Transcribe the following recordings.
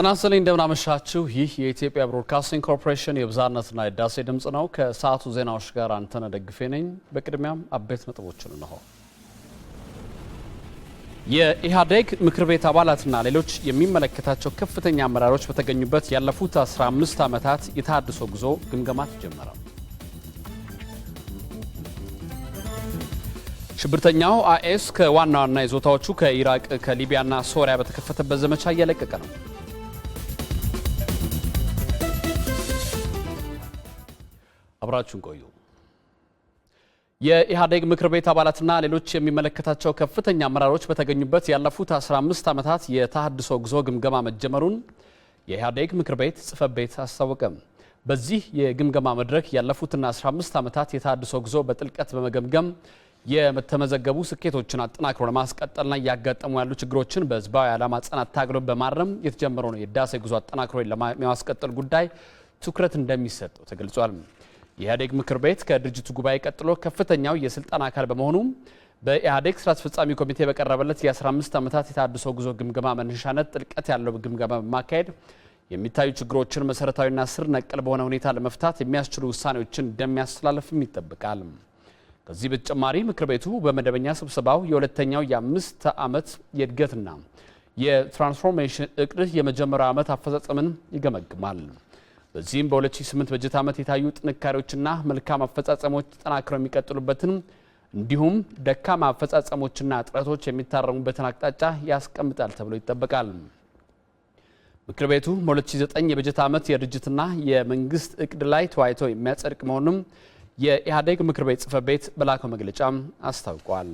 ጤና ይስጥልኝ እንደምናመሻችሁ። ይህ የኢትዮጵያ ብሮድካስቲንግ ኮርፖሬሽን የብዝሃነትና የዳሴ ድምፅ ነው። ከሰዓቱ ዜናዎች ጋር አንተነ ደግፌ ነኝ። በቅድሚያም አበይት ነጥቦችን እንሆ። የኢህአዴግ ምክር ቤት አባላትና ሌሎች የሚመለከታቸው ከፍተኛ አመራሮች በተገኙበት ያለፉት 15 ዓመታት የተሃድሶ ጉዞ ግምገማ ተጀመረ። ሽብርተኛው አይኤስ ከዋና ዋና ይዞታዎቹ ከኢራቅ ከሊቢያና ሶሪያ በተከፈተበት ዘመቻ እያለቀቀ ነው። አብራችሁን ቆዩ። የኢህአዴግ ምክር ቤት አባላትና ሌሎች የሚመለከታቸው ከፍተኛ አመራሮች በተገኙበት ያለፉት 15 ዓመታት የተሃድሶ ጉዞ ግምገማ መጀመሩን የኢህአዴግ ምክር ቤት ጽሕፈት ቤት አስታወቀም። በዚህ የግምገማ መድረክ ያለፉትና 15 ዓመታት የተሃድሶ ጉዞ በጥልቀት በመገምገም የተመዘገቡ ስኬቶችን አጠናክሮ ለማስቀጠልና እያጋጠሙ ያሉ ችግሮችን በህዝባዊ ዓላማ ጽናት ታግሎ በማረም የተጀመረው ነው የህዳሴ ጉዞ አጠናክሮ ለማስቀጠል ጉዳይ ትኩረት እንደሚሰጠው ተገልጿል። የኢህአዴግ ምክር ቤት ከድርጅቱ ጉባኤ ቀጥሎ ከፍተኛው የስልጣን አካል በመሆኑ በኢህአዴግ ስራ አስፈጻሚ ኮሚቴ በቀረበለት የ15 ዓመታት የታድሶ ጉዞ ግምገማ መነሻነት ጥልቀት ያለው ግምገማ በማካሄድ የሚታዩ ችግሮችን መሰረታዊና ስር ነቀል በሆነ ሁኔታ ለመፍታት የሚያስችሉ ውሳኔዎችን እንደሚያስተላልፍም ይጠብቃል። ከዚህ በተጨማሪ ምክር ቤቱ በመደበኛ ስብሰባው የሁለተኛው የአምስት ዓመት የእድገትና የትራንስፎርሜሽን እቅድ የመጀመሪያው ዓመት አፈጻጸምን ይገመግማል። በዚህም በ2008 በጀት ዓመት የታዩ ጥንካሬዎችና መልካም አፈጻጸሞች ተጠናክረው የሚቀጥሉበትን እንዲሁም ደካማ አፈጻጸሞችና ጥረቶች የሚታረሙበትን አቅጣጫ ያስቀምጣል ተብሎ ይጠበቃል። ምክር ቤቱ በ2009 የበጀት ዓመት የድርጅትና የመንግስት እቅድ ላይ ተወያይቶ የሚያጸድቅ መሆኑም የኢህአዴግ ምክር ቤት ጽህፈት ቤት በላከው መግለጫ አስታውቋል።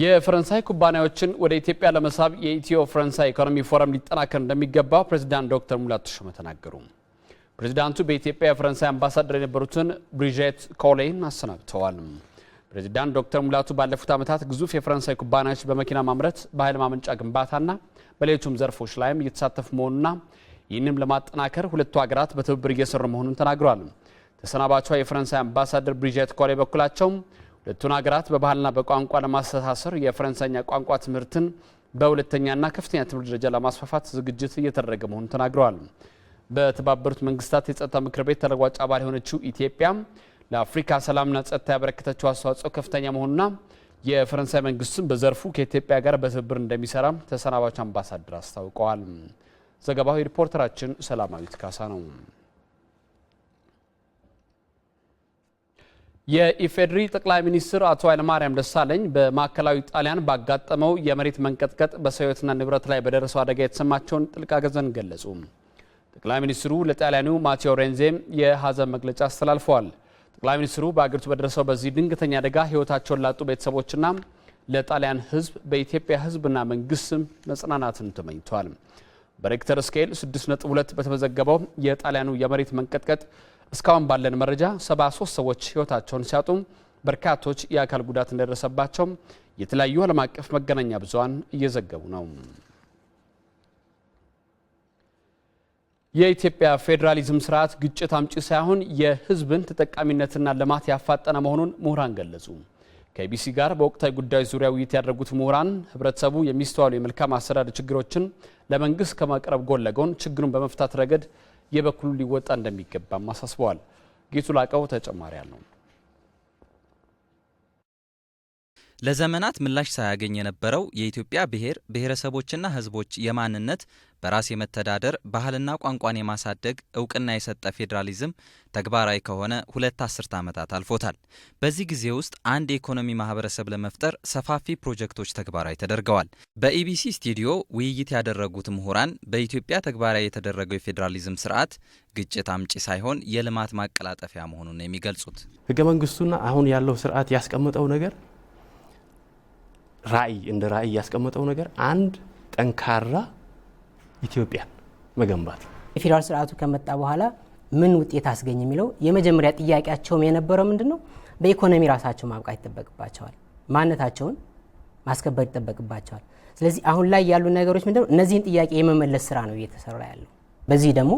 የፈረንሳይ ኩባንያዎችን ወደ ኢትዮጵያ ለመሳብ የኢትዮ ፈረንሳይ ኢኮኖሚ ፎረም ሊጠናከር እንደሚገባ ፕሬዚዳንት ዶክተር ሙላቱ ተሾመ ተናገሩ። ፕሬዚዳንቱ በኢትዮጵያ የፈረንሳይ አምባሳደር የነበሩትን ብሪጀት ኮሌን አሰናብተዋል። ፕሬዚዳንት ዶክተር ሙላቱ ባለፉት ዓመታት ግዙፍ የፈረንሳይ ኩባንያዎች በመኪና ማምረት፣ በኃይል ማመንጫ ግንባታና በሌሎችም ዘርፎች ላይም እየተሳተፉ መሆኑና ይህንም ለማጠናከር ሁለቱ ሀገራት በትብብር እየሰሩ መሆኑን ተናግሯል። ተሰናባቿ የፈረንሳይ አምባሳደር ብሪጀት ኮሌ በኩላቸው ሁለቱን ሀገራት በባህልና በቋንቋ ለማስተሳሰር የፈረንሳይኛ ቋንቋ ትምህርትን በሁለተኛና ከፍተኛ ትምህርት ደረጃ ለማስፋፋት ዝግጅት እየተደረገ መሆኑን ተናግረዋል። በተባበሩት መንግስታት የጸጥታ ምክር ቤት ተለዋጭ አባል የሆነችው ኢትዮጵያ ለአፍሪካ ሰላምና ጸጥታ ያበረከተችው አስተዋጽኦ ከፍተኛ መሆኑና የፈረንሳይ መንግስትም በዘርፉ ከኢትዮጵያ ጋር በትብብር እንደሚሰራ ተሰናባች አምባሳደር አስታውቀዋል። ዘገባው የሪፖርተራችን ሰላማዊት ካሳ ነው። የኢፌዴሪ ጠቅላይ ሚኒስትር አቶ ኃይለማርያም ደሳለኝ በማዕከላዊ ጣሊያን ባጋጠመው የመሬት መንቀጥቀጥ በሰው ሕይወትና ንብረት ላይ በደረሰው አደጋ የተሰማቸውን ጥልቅ ሐዘን ገለጹ። ጠቅላይ ሚኒስትሩ ለጣሊያኑ ማቴዎ ሬንዜም የሐዘን መግለጫ አስተላልፈዋል። ጠቅላይ ሚኒስትሩ በአገሪቱ በደረሰው በዚህ ድንገተኛ አደጋ ሕይወታቸውን ላጡ ቤተሰቦችና ለጣሊያን ሕዝብ በኢትዮጵያ ሕዝብና መንግስት ስም መጽናናትን ተመኝተዋል። በሬክተር ስኬል 6.2 በተመዘገበው የጣሊያኑ የመሬት መንቀጥቀጥ እስካሁን ባለን መረጃ 73 ሰዎች ህይወታቸውን ሲያጡ በርካቶች የአካል ጉዳት እንደደረሰባቸው የተለያዩ ዓለም አቀፍ መገናኛ ብዙሃን እየዘገቡ ነው። የኢትዮጵያ ፌዴራሊዝም ስርዓት ግጭት አምጪ ሳይሆን የህዝብን ተጠቃሚነትና ልማት ያፋጠነ መሆኑን ምሁራን ገለጹ። ከኢቢሲ ጋር በወቅታዊ ጉዳዮች ዙሪያ ውይይት ያደረጉት ምሁራን ህብረተሰቡ የሚስተዋሉ የመልካም አስተዳደር ችግሮችን ለመንግስት ከማቅረብ ጎን ለጎን ችግሩን በመፍታት ረገድ የበኩሉ ሊወጣ እንደሚገባም አሳስበዋል። ጌቱ ላቀው ተጨማሪ አለው። ለዘመናት ምላሽ ሳያገኝ የነበረው የኢትዮጵያ ብሔር ብሔረሰቦችና ሕዝቦች የማንነት በራስ የመተዳደር ባህልና ቋንቋን የማሳደግ እውቅና የሰጠ ፌዴራሊዝም ተግባራዊ ከሆነ ሁለት አስርት ዓመታት አልፎታል። በዚህ ጊዜ ውስጥ አንድ የኢኮኖሚ ማህበረሰብ ለመፍጠር ሰፋፊ ፕሮጀክቶች ተግባራዊ ተደርገዋል። በኢቢሲ ስቱዲዮ ውይይት ያደረጉት ምሁራን በኢትዮጵያ ተግባራዊ የተደረገው የፌዴራሊዝም ስርዓት ግጭት አምጪ ሳይሆን የልማት ማቀላጠፊያ መሆኑን ነው የሚገልጹት። ህገ መንግስቱና አሁን ያለው ስርዓት ያስቀመጠው ነገር ራዕይ እንደ ራዕይ ያስቀመጠው ነገር አንድ ጠንካራ ኢትዮጵያን መገንባት የፌዴራል ስርዓቱ ከመጣ በኋላ ምን ውጤት አስገኝ የሚለው የመጀመሪያ ጥያቄያቸውም የነበረው ምንድን ነው? በኢኮኖሚ ራሳቸው ማብቃት ይጠበቅባቸዋል። ማንነታቸውን ማስከበር ይጠበቅባቸዋል። ስለዚህ አሁን ላይ ያሉ ነገሮች ምንድነው? እነዚህን ጥያቄ የመመለስ ስራ ነው እየተሰራ ያለው። በዚህ ደግሞ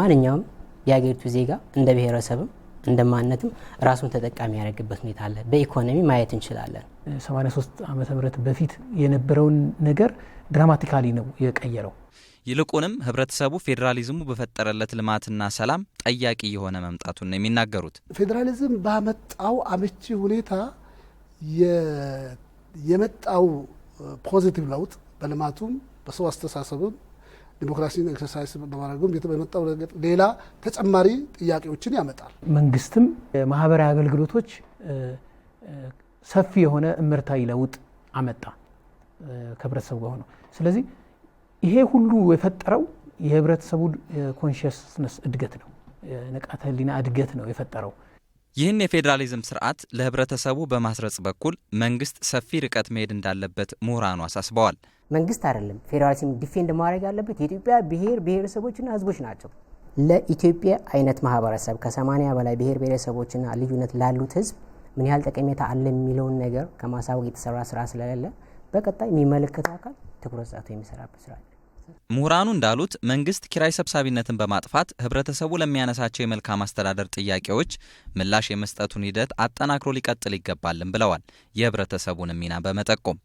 ማንኛውም የሀገሪቱ ዜጋ እንደ ብሔረሰብም እንደማንነትም ራሱን ተጠቃሚ ያደረግበት ሁኔታ አለ። በኢኮኖሚ ማየት እንችላለን። 83 ዓመተ ምህረት በፊት የነበረውን ነገር ድራማቲካሊ ነው የቀየረው። ይልቁንም ህብረተሰቡ ፌዴራሊዝሙ በፈጠረለት ልማትና ሰላም ጠያቂ የሆነ መምጣቱን ነው የሚናገሩት። ፌዴራሊዝም ባመጣው አመቺ ሁኔታ የመጣው ፖዚቲቭ ለውጥ በልማቱም በሰው አስተሳሰብም ዲሞክራሲን ኤክሰርሳይዝ በማድረጉም በመጣው ሌላ ተጨማሪ ጥያቄዎችን ያመጣል። መንግስትም ማህበራዊ አገልግሎቶች ሰፊ የሆነ እምርታዊ ለውጥ አመጣ ከህብረተሰቡ ጋር ሆነው። ስለዚህ ይሄ ሁሉ የፈጠረው የህብረተሰቡ ኮንሽስነስ እድገት ነው፣ ንቃተ ህሊና እድገት ነው የፈጠረው። ይህን የፌዴራሊዝም ስርዓት ለህብረተሰቡ በማስረጽ በኩል መንግስት ሰፊ ርቀት መሄድ እንዳለበት ምሁራኑ አሳስበዋል። መንግስት አይደለም ፌዴራሊዝም ዲፌንድ ማድረግ ያለበት የኢትዮጵያ ብሔር ብሔረሰቦችና ህዝቦች ናቸው። ለኢትዮጵያ አይነት ማህበረሰብ ከሰማኒያ በላይ ብሔር ብሔረሰቦችና ልዩነት ላሉት ህዝብ ምን ያህል ጠቀሜታ አለ የሚለውን ነገር ከማሳወቅ የተሰራ ስራ ስለሌለ በቀጣይ የሚመለከተው አካል ትኩረት ሰጥቶ የሚሰራበት ስራ ምሁራኑ እንዳሉት መንግስት ኪራይ ሰብሳቢነትን በማጥፋት ህብረተሰቡ ለሚያነሳቸው የመልካም አስተዳደር ጥያቄዎች ምላሽ የመስጠቱን ሂደት አጠናክሮ ሊቀጥል ይገባልን ብለዋል። የህብረተሰቡን ሚና በመጠቆም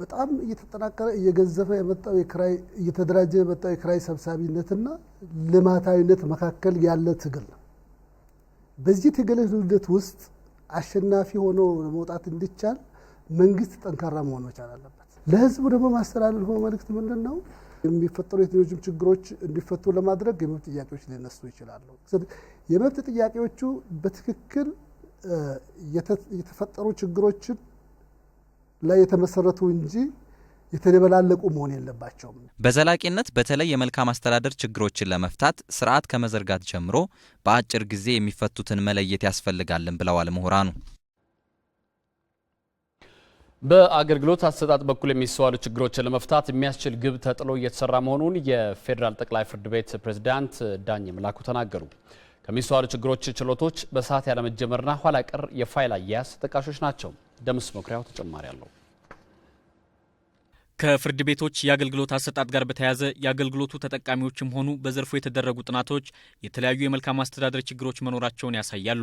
በጣም እየተጠናከረ እየገዘፈ የመጣው የኪራይ እየተደራጀ የመጣው የክራይ ሰብሳቢነትና ልማታዊነት መካከል ያለ ትግል ነው። በዚህ ትግል ሂደት ውስጥ አሸናፊ ሆኖ ለመውጣት እንዲቻል መንግስት ጠንካራ መሆን መቻል አለበት። ለህዝቡ ደግሞ ማስተላለፈው መልእክት ምንድን ነው? የሚፈጠሩ የቴክኖሎጂም ችግሮች እንዲፈቱ ለማድረግ የመብት ጥያቄዎች ሊነሱ ይችላሉ። የመብት ጥያቄዎቹ በትክክል የተፈጠሩ ችግሮችን ላይ የተመሰረቱ እንጂ የተደበላለቁ መሆን የለባቸውም። በዘላቂነት በተለይ የመልካም አስተዳደር ችግሮችን ለመፍታት ስርዓት ከመዘርጋት ጀምሮ በአጭር ጊዜ የሚፈቱትን መለየት ያስፈልጋልን ብለዋል ምሁራኑ። በአገልግሎት አሰጣጥ በኩል የሚስተዋሉ ችግሮችን ለመፍታት የሚያስችል ግብ ተጥሎ እየተሰራ መሆኑን የፌዴራል ጠቅላይ ፍርድ ቤት ፕሬዝዳንት ዳኝ መላኩ ተናገሩ። ከሚስተዋሉ ችግሮች ችሎቶች በሰዓት ያለመጀመርና ኋላ ቀር የፋይል አያያዝ ተጠቃሾች ናቸው። ደምስ መኩሪያው ተጨማሪ አለው። ከፍርድ ቤቶች የአገልግሎት አሰጣጥ ጋር በተያያዘ የአገልግሎቱ ተጠቃሚዎችም ሆኑ በዘርፉ የተደረጉ ጥናቶች የተለያዩ የመልካም አስተዳደር ችግሮች መኖራቸውን ያሳያሉ።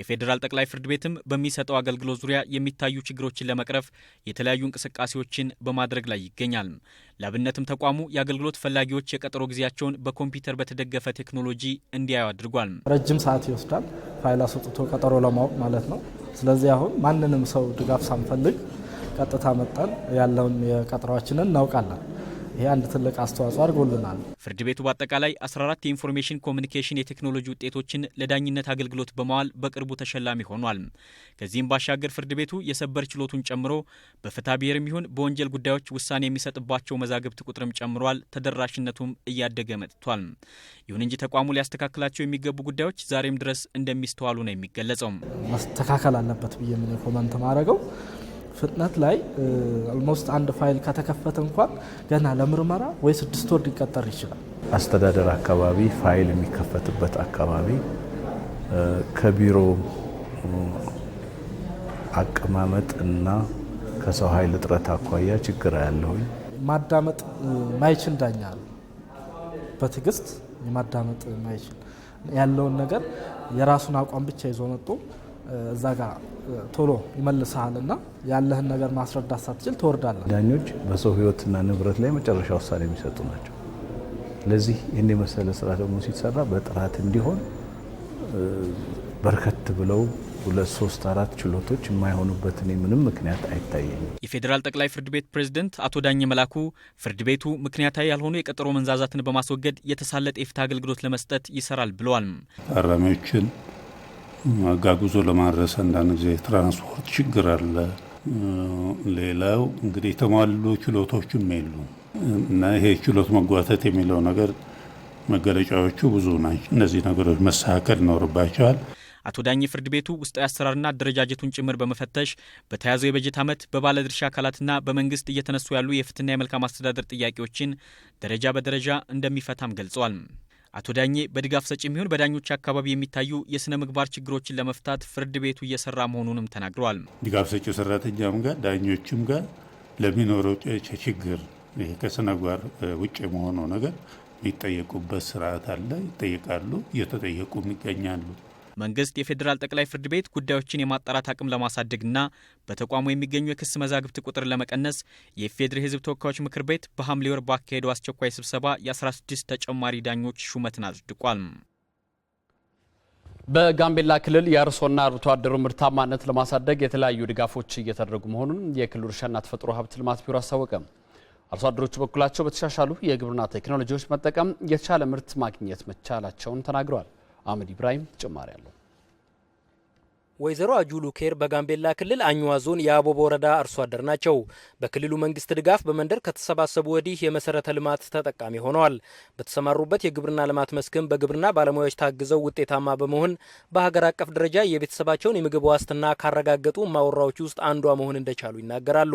የፌዴራል ጠቅላይ ፍርድ ቤትም በሚሰጠው አገልግሎት ዙሪያ የሚታዩ ችግሮችን ለመቅረፍ የተለያዩ እንቅስቃሴዎችን በማድረግ ላይ ይገኛል። ለአብነትም ተቋሙ የአገልግሎት ፈላጊዎች የቀጠሮ ጊዜያቸውን በኮምፒውተር በተደገፈ ቴክኖሎጂ እንዲያዩ አድርጓል። ረጅም ሰዓት ይወስዳል ፋይል አስወጥቶ ቀጠሮ ለማወቅ ማለት ነው። ስለዚህ አሁን ማንንም ሰው ድጋፍ ሳንፈልግ ቀጥታ መጠን ያለውን የቀጠሯችንን እናውቃለን። ይህ አንድ ትልቅ አስተዋጽኦ አድርጎልናል። ፍርድ ቤቱ በአጠቃላይ 14 የኢንፎርሜሽን ኮሚኒኬሽን የቴክኖሎጂ ውጤቶችን ለዳኝነት አገልግሎት በመዋል በቅርቡ ተሸላሚ ሆኗል። ከዚህም ባሻገር ፍርድ ቤቱ የሰበር ችሎቱን ጨምሮ በፍትሐ ብሔርም ይሁን በወንጀል ጉዳዮች ውሳኔ የሚሰጥባቸው መዛግብት ቁጥርም ጨምሯል፣ ተደራሽነቱም እያደገ መጥቷል። ይሁን እንጂ ተቋሙ ሊያስተካክላቸው የሚገቡ ጉዳዮች ዛሬም ድረስ እንደሚስተዋሉ ነው የሚገለጸው። መስተካከል አለበት ብዬ ምን ኮመንት ማድረገው ፍጥነት ላይ አልሞስት አንድ ፋይል ከተከፈተ እንኳን ገና ለምርመራ ወይ ስድስት ወር ሊቀጠር ይችላል። አስተዳደር አካባቢ ፋይል የሚከፈትበት አካባቢ ከቢሮ አቀማመጥ እና ከሰው ኃይል እጥረት አኳያ ችግር ያለሁኝ ማዳመጥ ማይችል ዳኛ አለ። በትዕግስት የማዳመጥ ማይችል ያለውን ነገር የራሱን አቋም ብቻ ይዞ መጡ እዛ ጋር ቶሎ ይመልሰሃል እና ያለህን ነገር ማስረዳት ሳትችል ትወርዳለህ። ዳኞች በሰው ህይወትና ንብረት ላይ መጨረሻ ውሳኔ የሚሰጡ ናቸው። ለዚህ ይህን የመሰለ ስራ ደግሞ ሲሰራ በጥራት እንዲሆን በርከት ብለው ሁለት ሶስት አራት ችሎቶች የማይሆኑበት እኔ ምንም ምክንያት አይታየኝም። የፌዴራል ጠቅላይ ፍርድ ቤት ፕሬዝደንት አቶ ዳኘ መላኩ ፍርድ ቤቱ ምክንያታዊ ያልሆኑ የቀጠሮ መንዛዛትን በማስወገድ የተሳለጠ የፍትህ አገልግሎት ለመስጠት ይሰራል ብለዋል። ታራሚዎችን አጋጉዞ ለማድረስ አንዳንድ ጊዜ ትራንስፖርት ችግር አለ። ሌላው እንግዲህ የተሟሉ ችሎቶችም የሉ እና ይሄ ችሎት መጓተት የሚለው ነገር መገለጫዎቹ ብዙ ናቸው። እነዚህ ነገሮች መስተካከል ይኖርባቸዋል። አቶ ዳኝ ፍርድ ቤቱ ውስጣዊ አሰራርና አደረጃጀቱን ጭምር በመፈተሽ በተያዘው የበጀት ዓመት በባለድርሻ አካላትና በመንግስት እየተነሱ ያሉ የፍትህና የመልካም አስተዳደር ጥያቄዎችን ደረጃ በደረጃ እንደሚፈታም ገልጸዋል። አቶ ዳኜ በድጋፍ ሰጪ የሚሆን በዳኞች አካባቢ የሚታዩ የስነ ምግባር ችግሮችን ለመፍታት ፍርድ ቤቱ እየሰራ መሆኑንም ተናግረዋል። ድጋፍ ሰጪው ሰራተኛም ጋር ዳኞችም ጋር ለሚኖረው ችግር ይሄ ከስነ ምግባር ውጭ የመሆነው ነገር የሚጠየቁበት ስርዓት አለ። ይጠየቃሉ፣ እየተጠየቁም ይገኛሉ። መንግስት የፌዴራል ጠቅላይ ፍርድ ቤት ጉዳዮችን የማጣራት አቅም ለማሳደግና በተቋሙ የሚገኙ የክስ መዛግብት ቁጥር ለመቀነስ የኢፌዴሪ ህዝብ ተወካዮች ምክር ቤት በሐምሌ ወር ባካሄደው አስቸኳይ ስብሰባ የ16 ተጨማሪ ዳኞች ሹመትን አጽድቋል። በጋምቤላ ክልል የአርሶና አርብቶ አደሩ ምርታማነት ለማሳደግ የተለያዩ ድጋፎች እየተደረጉ መሆኑን የክልሉ እርሻና ተፈጥሮ ሀብት ልማት ቢሮ አስታወቀ። አርሶ አደሮቹ በኩላቸው በተሻሻሉ የግብርና ቴክኖሎጂዎች መጠቀም የተሻለ ምርት ማግኘት መቻላቸውን ተናግረዋል። አህመድ ኢብራሂም ተጨማሪ አለው። ወይዘሮ አጁሉ ኬር በጋምቤላ ክልል አኝዋ ዞን የአቦቦ ወረዳ አርሶ አደር ናቸው። በክልሉ መንግስት ድጋፍ በመንደር ከተሰባሰቡ ወዲህ የመሰረተ ልማት ተጠቃሚ ሆነዋል። በተሰማሩበት የግብርና ልማት መስክም በግብርና ባለሙያዎች ታግዘው ውጤታማ በመሆን በሀገር አቀፍ ደረጃ የቤተሰባቸውን የምግብ ዋስትና ካረጋገጡ ማወራዎች ውስጥ አንዷ መሆን እንደቻሉ ይናገራሉ።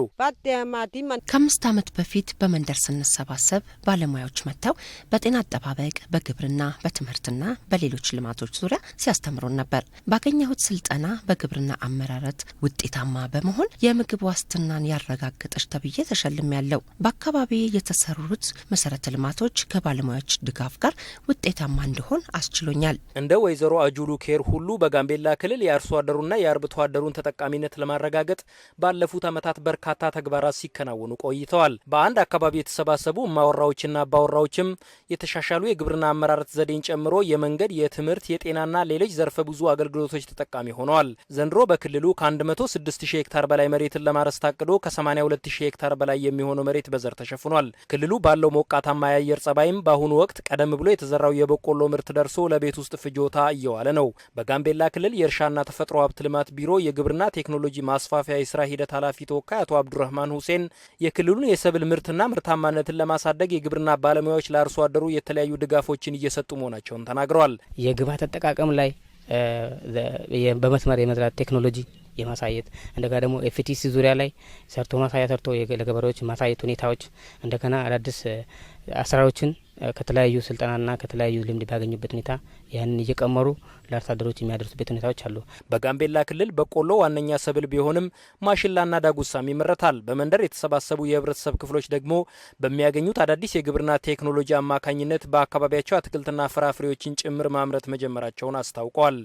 ከአምስት ዓመት በፊት በመንደር ስንሰባሰብ ባለሙያዎች መጥተው በጤና አጠባበቅ፣ በግብርና፣ በትምህርትና በሌሎች ልማቶች ዙሪያ ሲያስተምሩን ነበር። ባገኘሁት ስልጠና በግብርና አመራረት ውጤታማ በመሆን የምግብ ዋስትናን ያረጋገጠች ተብዬ ተሸልም ያለው በአካባቢ የተሰሩት መሰረተ ልማቶች ከባለሙያዎች ድጋፍ ጋር ውጤታማ እንደሆን አስችሎኛል። እንደ ወይዘሮ አጁሉ ኬር ሁሉ በጋምቤላ ክልል የአርሶ አደሩና የአርብቶ አደሩን ተጠቃሚነት ለማረጋገጥ ባለፉት ዓመታት በርካታ ተግባራት ሲከናወኑ ቆይተዋል። በአንድ አካባቢ የተሰባሰቡ እማወራዎችና አባወራዎችም የተሻሻሉ የግብርና አመራረት ዘዴን ጨምሮ የመንገድ፣ የትምህርት፣ የጤናና ሌሎች ዘርፈ ብዙ አገልግሎቶች ተጠቃሚ ሆነዋል። ተናግረዋል። ዘንድሮ በክልሉ ከ106 ሺህ ሄክታር በላይ መሬትን ለማረስ ታቅዶ ከ82 ሺህ ሄክታር በላይ የሚሆነው መሬት በዘር ተሸፍኗል። ክልሉ ባለው ሞቃታማ የአየር ጸባይም በአሁኑ ወቅት ቀደም ብሎ የተዘራው የበቆሎ ምርት ደርሶ ለቤት ውስጥ ፍጆታ እየዋለ ነው። በጋምቤላ ክልል የእርሻና ተፈጥሮ ሀብት ልማት ቢሮ የግብርና ቴክኖሎጂ ማስፋፊያ የስራ ሂደት ኃላፊ ተወካይ አቶ አብዱረህማን ሁሴን የክልሉን የሰብል ምርትና ምርታማነትን ለማሳደግ የግብርና ባለሙያዎች ለአርሶ አደሩ የተለያዩ ድጋፎችን እየሰጡ መሆናቸውን ተናግረዋል። የግብዓት አጠቃቀም ላይ በመስመር የመዝራት ቴክኖሎጂ የማሳየት እንደገና ደግሞ ኤፍቲሲ ዙሪያ ላይ ሰርቶ ማሳያ ሰርቶ ለገበሬዎች ማሳየት ሁኔታዎች እንደገና አዳዲስ አሰራሮችን ከተለያዩ ስልጠናና ከተለያዩ ልምድ ባገኙበት ሁኔታ ያንን እየቀመሩ ለአርሶ የሚያደርሱበት ሁኔታዎች አሉ። በጋምቤላ ክልል በቆሎ ዋነኛ ሰብል ቢሆንም ማሽላና ዳጉሳም ይመረታል። በመንደር የተሰባሰቡ የህብረተሰብ ክፍሎች ደግሞ በሚያገኙት አዳዲስ የግብርና ቴክኖሎጂ አማካኝነት በአካባቢያቸው አትክልትና ፍራፍሬዎችን ጭምር ማምረት መጀመራቸውን አስታውቋል።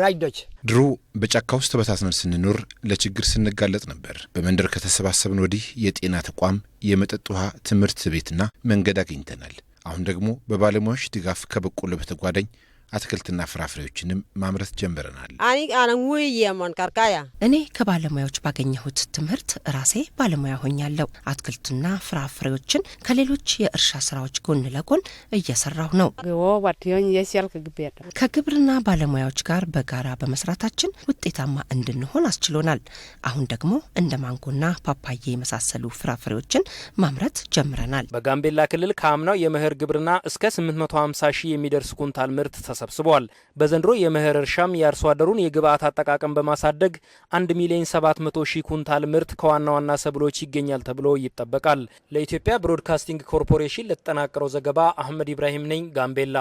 ራጅዶች ድሮ በጫካ ውስጥ ተበታትነን ስንኖር ለችግር ስንጋለጥ ነበር። በመንደር ከተሰባሰብን ወዲህ የጤና ተቋም፣ የመጠጥ ውሃ፣ ትምህርት ቤትና መንገድ አግኝተናል። አሁን ደግሞ በባለሙያዎች ድጋፍ ከበቆሎ በተጓዳኝ አትክልትና ፍራፍሬዎችንም ማምረት ጀምረናል። እኔ ከባለሙያዎች ባገኘሁት ትምህርት ራሴ ባለሙያ ሆኛለሁ። አትክልትና ፍራፍሬዎችን ከሌሎች የእርሻ ስራዎች ጎን ለጎን እየሰራሁ ነው። ከግብርና ባለሙያዎች ጋር በጋራ በመስራታችን ውጤታማ እንድንሆን አስችሎናል። አሁን ደግሞ እንደ ማንጎና ፓፓዬ የመሳሰሉ ፍራፍሬዎችን ማምረት ጀምረናል። በጋምቤላ ክልል ከአምናው የመኸር ግብርና እስከ 850 ሺህ የሚደርስ ኩንታል ምርት ተሰብስቧል። በዘንድሮ የመኸር እርሻም የአርሶ አደሩን የግብዓት አጠቃቀም በማሳደግ 1 ሚሊዮን 700 ሺህ ኩንታል ምርት ከዋና ዋና ሰብሎች ይገኛል ተብሎ ይጠበቃል። ለኢትዮጵያ ብሮድካስቲንግ ኮርፖሬሽን ለተጠናቀረው ዘገባ አህመድ ኢብራሂም ነኝ፣ ጋምቤላ።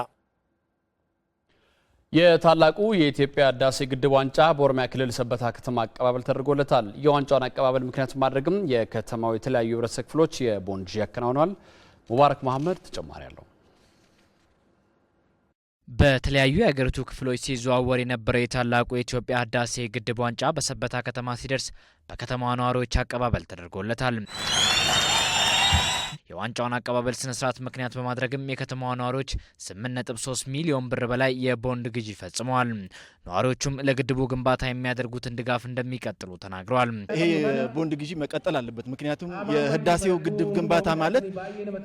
የታላቁ የኢትዮጵያ ህዳሴ ግድብ ዋንጫ በኦሮሚያ ክልል ሰበታ ከተማ አቀባበል ተደርጎለታል። የዋንጫውን አቀባበል ምክንያት ማድረግም የከተማው የተለያዩ ህብረተሰብ ክፍሎች የቦንድ ያከናውነዋል። ሙባረክ መሀመድ ተጨማሪ አለው። በተለያዩ የአገሪቱ ክፍሎች ሲዘዋወር የነበረው የታላቁ የኢትዮጵያ ህዳሴ ግድብ ዋንጫ በሰበታ ከተማ ሲደርስ በከተማዋ ነዋሪዎች አቀባበል ተደርጎለታል። የዋንጫውን አቀባበል ስነስርዓት ምክንያት በማድረግም የከተማዋ ነዋሪዎች 8.3 ሚሊዮን ብር በላይ የቦንድ ግዢ ፈጽመዋል። ነዋሪዎቹም ለግድቡ ግንባታ የሚያደርጉትን ድጋፍ እንደሚቀጥሉ ተናግረዋል። ይሄ ቦንድ ግዢ መቀጠል አለበት። ምክንያቱም የህዳሴው ግድብ ግንባታ ማለት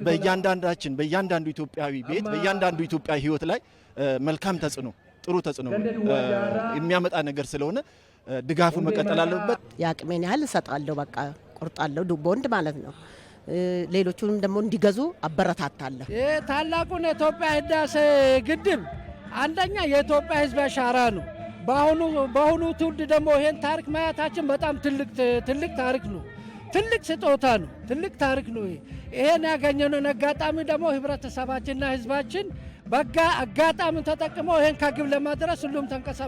በእያንዳንዳችን በእያንዳንዱ ኢትዮጵያዊ ቤት በእያንዳንዱ ኢትዮጵያ ህይወት ላይ መልካም ተጽዕኖ ጥሩ ተጽዕኖ የሚያመጣ ነገር ስለሆነ ድጋፉ መቀጠል አለበት። የአቅሜን ያህል እሰጣለሁ፣ በቃ ቆርጣለሁ፣ ቦንድ ማለት ነው። ሌሎቹንም ደግሞ እንዲገዙ አበረታታለሁ። ታላቁን የኢትዮጵያ ህዳሴ ግድብ አንደኛ የኢትዮጵያ ህዝብ አሻራ ነው። በአሁኑ በአሁኑ ትውልድ ደግሞ ይሄን ታሪክ ማየታችን በጣም ትልቅ ትልቅ ታሪክ ነው። ትልቅ ስጦታ ነው። ትልቅ ታሪክ ነው። ይሄን ያገኘነውን አጋጣሚ ደግሞ ህብረተሰባችንና ህዝባችን በጋ አጋጣሚ ተጠቅመው ይህን ከግብ ለማድረስ ሁሉም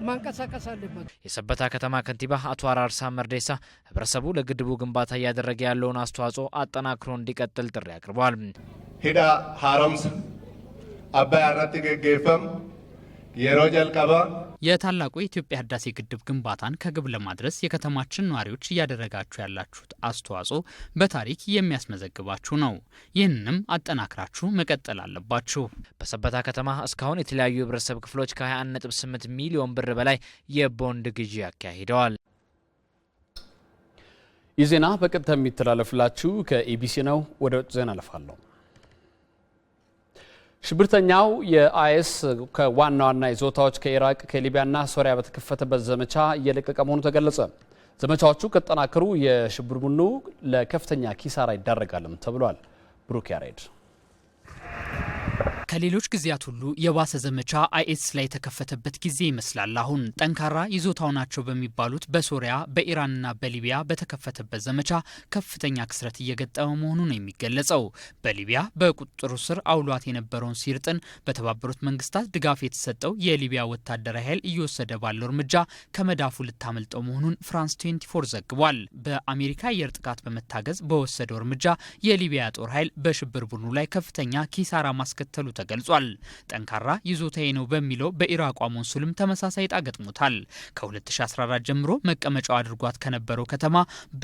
ማንቀሳቀስ አለበት። የሰበታ ከተማ ከንቲባ አቶ አራርሳ መርዴሳ ህብረተሰቡ ለግድቡ ግንባታ እያደረገ ያለውን አስተዋጽኦ አጠናክሮ እንዲቀጥል ጥሪ አቅርቧል። ሂዳ ሀረምስ አባይ አራት ገገፈም Yeroo jalqaba የታላቁ የኢትዮጵያ ህዳሴ ግድብ ግንባታን ከግብ ለማድረስ የከተማችን ነዋሪዎች እያደረጋችሁ ያላችሁት አስተዋጽኦ በታሪክ የሚያስመዘግባችሁ ነው። ይህንንም አጠናክራችሁ መቀጠል አለባችሁ። በሰበታ ከተማ እስካሁን የተለያዩ የህብረተሰብ ክፍሎች ከ21.8 ሚሊዮን ብር በላይ የቦንድ ግዢ አካሂደዋል። ይህ ዜና በቀጥታ የሚተላለፍላችሁ ከኢቢሲ ነው። ወደ ዜና አለፋለሁ። ሽብርተኛው የአይኤስ ከዋና ዋና ይዞታዎች ከኢራቅ ከሊቢያና ሶሪያ በተከፈተበት ዘመቻ እየለቀቀ መሆኑ ተገለጸ። ዘመቻዎቹ ከተጠናከሩ የሽብር ቡድኑ ለከፍተኛ ኪሳራ ይዳረጋልም ተብሏል። ብሩክ ያሬድ ከሌሎች ጊዜያት ሁሉ የባሰ ዘመቻ አይኤስ ላይ የተከፈተበት ጊዜ ይመስላል። አሁን ጠንካራ ይዞታው ናቸው በሚባሉት በሶሪያ በኢራንና በሊቢያ በተከፈተበት ዘመቻ ከፍተኛ ክስረት እየገጠመ መሆኑ ነው የሚገለጸው። በሊቢያ በቁጥጥሩ ስር አውሏት የነበረውን ሲርጥን በተባበሩት መንግስታት ድጋፍ የተሰጠው የሊቢያ ወታደራዊ ኃይል እየወሰደ ባለው እርምጃ ከመዳፉ ልታመልጠው መሆኑን ፍራንስ 24 ዘግቧል። በአሜሪካ አየር ጥቃት በመታገዝ በወሰደው እርምጃ የሊቢያ ጦር ኃይል በሽብር ቡድኑ ላይ ከፍተኛ ኪሳራ ማስከተሉ ተገልጿል። ጠንካራ ይዞታዬ ነው በሚለው በኢራቋ ሞንሱልም ተመሳሳይ ዕጣ ገጥሞታል። ከ2014 ጀምሮ መቀመጫው አድርጓት ከነበረው ከተማ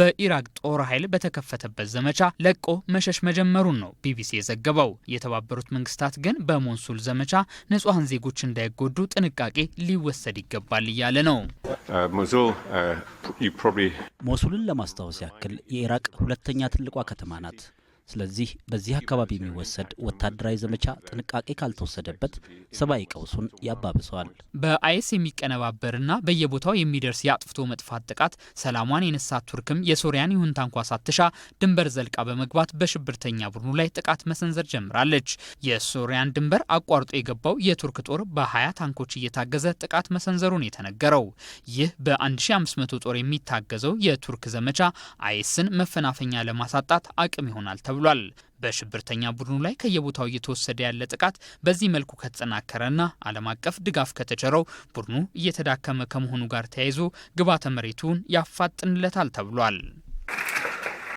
በኢራቅ ጦር ኃይል በተከፈተበት ዘመቻ ለቆ መሸሽ መጀመሩን ነው ቢቢሲ የዘገበው። የተባበሩት መንግስታት ግን በሞንሱል ዘመቻ ንጹሐን ዜጎች እንዳይጎዱ ጥንቃቄ ሊወሰድ ይገባል እያለ ነው። uh, uh, ሞሱልን ለማስታወስ ያክል የኢራቅ ሁለተኛ ትልቋ ከተማ ናት። ስለዚህ በዚህ አካባቢ የሚወሰድ ወታደራዊ ዘመቻ ጥንቃቄ ካልተወሰደበት ሰብአዊ ቀውሱን ያባብሰዋል። በአይስ የሚቀነባበርና በየቦታው የሚደርስ የአጥፍቶ መጥፋት ጥቃት ሰላሟን የነሳት ቱርክም የሶሪያን ይሁንታ እንኳ ሳትሻ ድንበር ዘልቃ በመግባት በሽብርተኛ ቡድኑ ላይ ጥቃት መሰንዘር ጀምራለች። የሶሪያን ድንበር አቋርጦ የገባው የቱርክ ጦር በሀያ ታንኮች እየታገዘ ጥቃት መሰንዘሩን የተነገረው ይህ በ1500 ጦር የሚታገዘው የቱርክ ዘመቻ አይስን መፈናፈኛ ለማሳጣት አቅም ይሆናል ተብሎ ብሏል። በሽብርተኛ ቡድኑ ላይ ከየቦታው እየተወሰደ ያለ ጥቃት በዚህ መልኩ ከተጠናከረና ዓለም አቀፍ ድጋፍ ከተቸረው ቡድኑ እየተዳከመ ከመሆኑ ጋር ተያይዞ ግብዓተ መሬቱን ያፋጥንለታል ተብሏል።